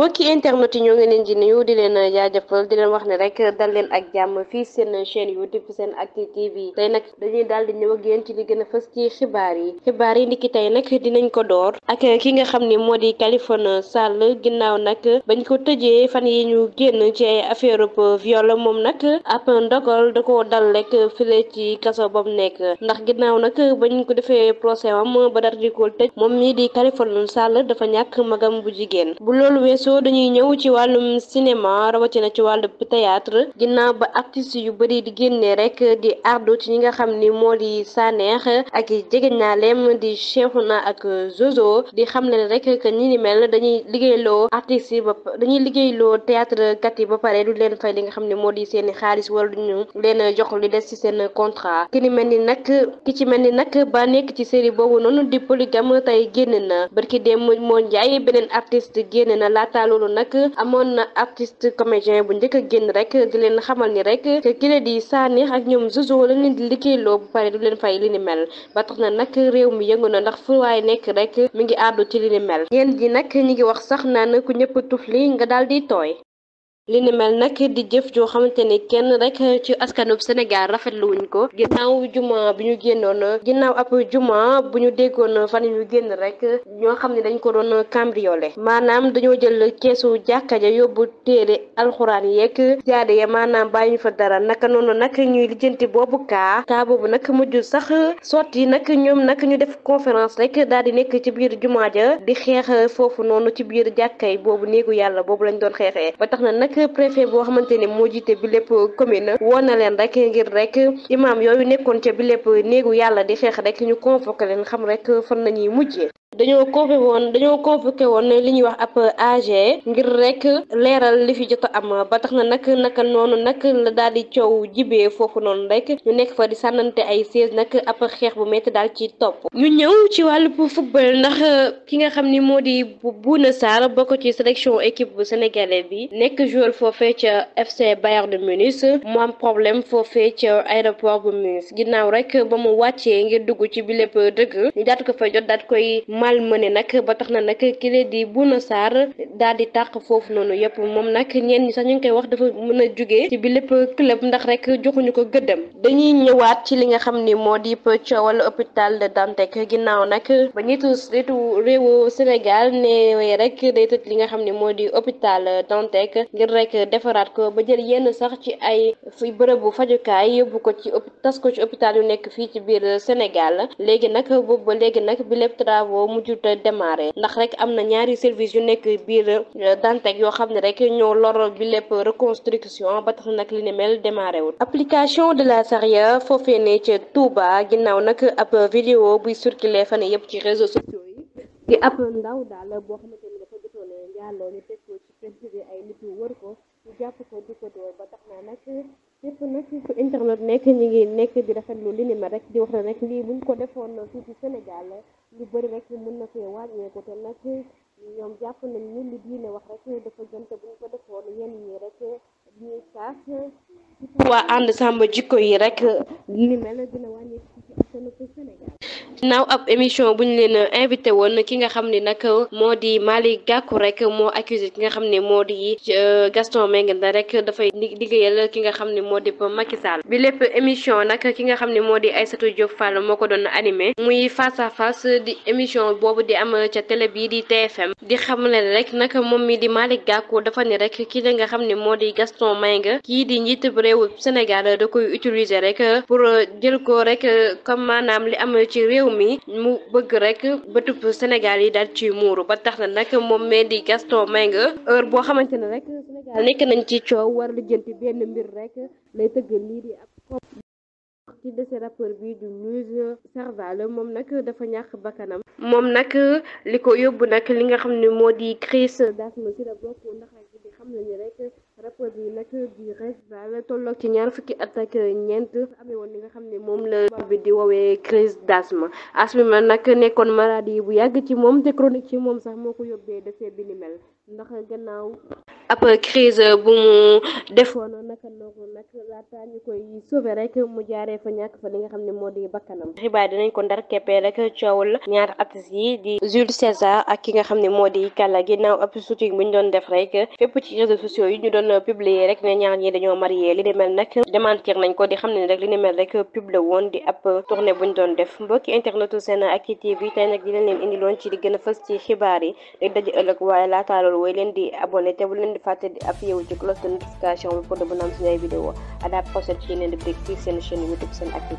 mbokki internet yi ñoo ngi leen di nuyu di leen jaajëfal di leen wax ne rek dal leen ak jàmm fii seen chaîne youtube seen acti tv tey nag dañuy daal di ñëw ak yéen ci li gën a fës ci xibaar yi xibaar yi ndiki tey nag dinañ ko door ak ki nga xam ni moo di Khaliphone Sall ginnaaw nag bañ ko tëjee fan yi ñu génn ci ay affaire viol moom nag ab ndogal da ko dal rek file ci kaso bam nekk ndax ginnaaw nag bañ ko defee procès am ba dara di ko tëj moom mii di Khaliphone Sall dafa ñàkk magam bu jigéen weesoo dañuy ñëw ci wàllum cinéma rawatina ci wàllum théâtre ginnaaw ba artistes yu bëri di génne rek di ardo ci ñi nga xam ni moo di Sanex ak jegeñaaleem di na ak Zozo di xam leen rek que ñi ni mel dañuy liggéeyloo artistes yi ba dañuy liggéeyloo théâtre kat yi ba pare lu leen fay li nga xam ne moo di seen i xaalis wala duñu leen jox li des ci seen contrat ki ni mel ni nag ki ci mel ni nag ba nekk ci série boobu noonu di polygame tey génn na barki démb laata loolu nag amoon na artiste comédien bu njëkk a génn rek di leen xamal ni rek que kile di Sanekh ak ñoom Zozo la leen di liggéeyloo bu pare du leen fay li ni mel ba tax na nag réew mi yëngu na ndax fu waaye nekk rek mi ngi àddu ci li ni mel ñeen ji nag ñi ngi wax sax naa naan ku ñëpp tufli nga daal di tooy li ni mel nag di jëf joo xamante ni kenn rek ci askanub Sénégal rafetlu wuñ ko ginnaaw juma bi ñu génnoon ginnaaw ab juma bu ñu déggoon fan yu génn rek ñoo xam ne dañ ko doon cambriolé maanaam dañoo jël keesu jàkka ja yóbbu téere alxuraan yeeg jaade ya maanaam bàyyi ñu fa dara naka noonu nag ñuy lijjanti boobu kaa kaa boobu nag mujj sax sotti nag ñoom nag ñu def conférence rek daal di nekk ci biir jumaa ja di xeex foofu noonu ci biir jàkkay boobu néegu yàlla boobu lañ doon xeexee rek préfet boo xamante ne moo jiite bi lépp commune woon na leen rek ngir rek imaam yooyu nekkoon ca bi lépp néegu yàlla di xeex rek ñu convoqué leen xam rek fan nañuy mujjee dañoo convoqué woon dañoo convoqué woon li ñuy wax ab AG ngir rek leeral li fi jot am ba tax na nag naka noonu nag la daal di coow jibee foofu noonu rek ñu nekk fa di sànnante ay siège nag ab xeex bu metti daal ci topp. ñu ñëw ci wàllu football ndax ki nga xam ni moo di Bouna Sarr bokk ci sélection équipe bu sénégalais bi nekk joueur foofee ca FC Bayern de Munich mu am problème foofee ca aéroport bu Munich ginnaaw rek ba mu wàccee ngir dugg ci bi lépp dëgg ñu daat ko fa jot daat koy. malmené nag ba tax na nag kile di Bouna Sarr daal di tàq foofu noonu yëpp moom nag ñeen ñi sax ñu ngi koy wax dafa mën a jugee ci bi lépp club ndax rek joxuñu ko gëddam dañuy ñëwaat ci li nga xam ni moo di coowal hôpital de Dantec ginnaaw nag ba nit ritu réewu Sénégal neewee rek day tëj li nga xam ne moo di hôpital Dantec ngir rek defaraat ko ba jël yenn sax ci ay bërëb bu fajukaay yóbbu ko ci tas ko ci hôpital yu nekk fii ci biir Sénégal léegi nag boobu léegi nag bi lépp mujjut démarré ndax rek am na ñaari service yu nekk biir euh, Dantec yoo xam ne rek ñoo lor bi lépp reconstruction ba tax nag li ne mel démarré wul application de la Saria foofee ne ca Touba ginnaaw nag ab vidéo buy circulé fan yëpp ci réseaux sociaux yi di ab ndaw daal boo xamante ni dafa jotoon njaaloo ñu teg ko ci ay nit yu wër ko jàpp ko di ba tax na nag ñëpp nag fu internet nekk ñu ngi nekk di rafetlu li ni ma di wax ne rek lii buñ ko defoon fii ci Sénégal lu bëri rek mën na fee wàññeeku te nag ñoom jàpp nañ ni li diine wax rek dafa gën te buñ ko defoon yenn ñi rek ñuy saas waa ànd sàmm jikko yi rek ni mel naaw ab émission bu ñu leen invité woon ki nga xam ne nag moo di Malick Gakou rek moo accusé ki nga xam ne moo di euh, Gaston Mbengue na rek dafay ki nga xam ne moo di Macky Sall bi lépp émission nag ki nga xam ne moo di Aïssatou Diop Fall moo ko doon animé muy face a face di émission boobu di am ca télé bii di TFM di la rek nag moom mi di Malick Gakou dafa ne rek ki nga xam ne moo di Gaston Mbengue kii di njiit bu réew Sénégal da koy utiliser rek pour jël ko rek comme maanaam li am ci réew réew mi mu bëgg rek bëtub Sénégal yi daal ci muuru ba tax na nag moom mee di Gaston nga heure boo xamante ne rek Sénégal nekk nañ ci coow war lijjanti benn mbir rek lay tëgg lii di ab ci dese rappeur bi du Nuuze Serval moom nag dafa ñàkk bakkanam moom nag li ko yóbbu nag li nga xam ne moo di crise d'asthme ci la bokk ndax ak di xam nañu rek jàpp ni nag di rek daal tolloo ci ñaar fukki at ak ñeent amee woon li nga xam ne moom la bi di woowee crise d'asthme asthme ma nag nekkoon maladie bu yàgg ci moom te chronique ci moom sax moo ko yóbbee defee bi ni mel ndax gannaaw ab crise bu mu defoon naka noogu nag laata ñu koy sauver rek mu jaaree fa ñàkk fa li nga xam ne moo di bakkanam xibaar dinañ ko ndar keppee rek coowul ñaar artistes yi di Jules César ak ki nga xam ne moo di Kalla ginnaaw ab shooting bu ñu doon def rek fépp ci réseaux sociaux yi ñu doon publier rek ne ñaar ñi dañoo marié li ni mel nag démentir nañ ko di xam ne rek li ni mel rek publier woon di ab tournée bu ñu doon def mbokki internetu SENactu TV tey nag dinañ leen indiloon ci di a fës ci yi dañ daje ëllëg waaye laataa loolu way di abonné di fàtte di appuyé wu ci cloche de notification bi pour de bu na am suñu ay vidéo à la prochaine ci yeneen rubrique ci seen chaîne YouTube SENactu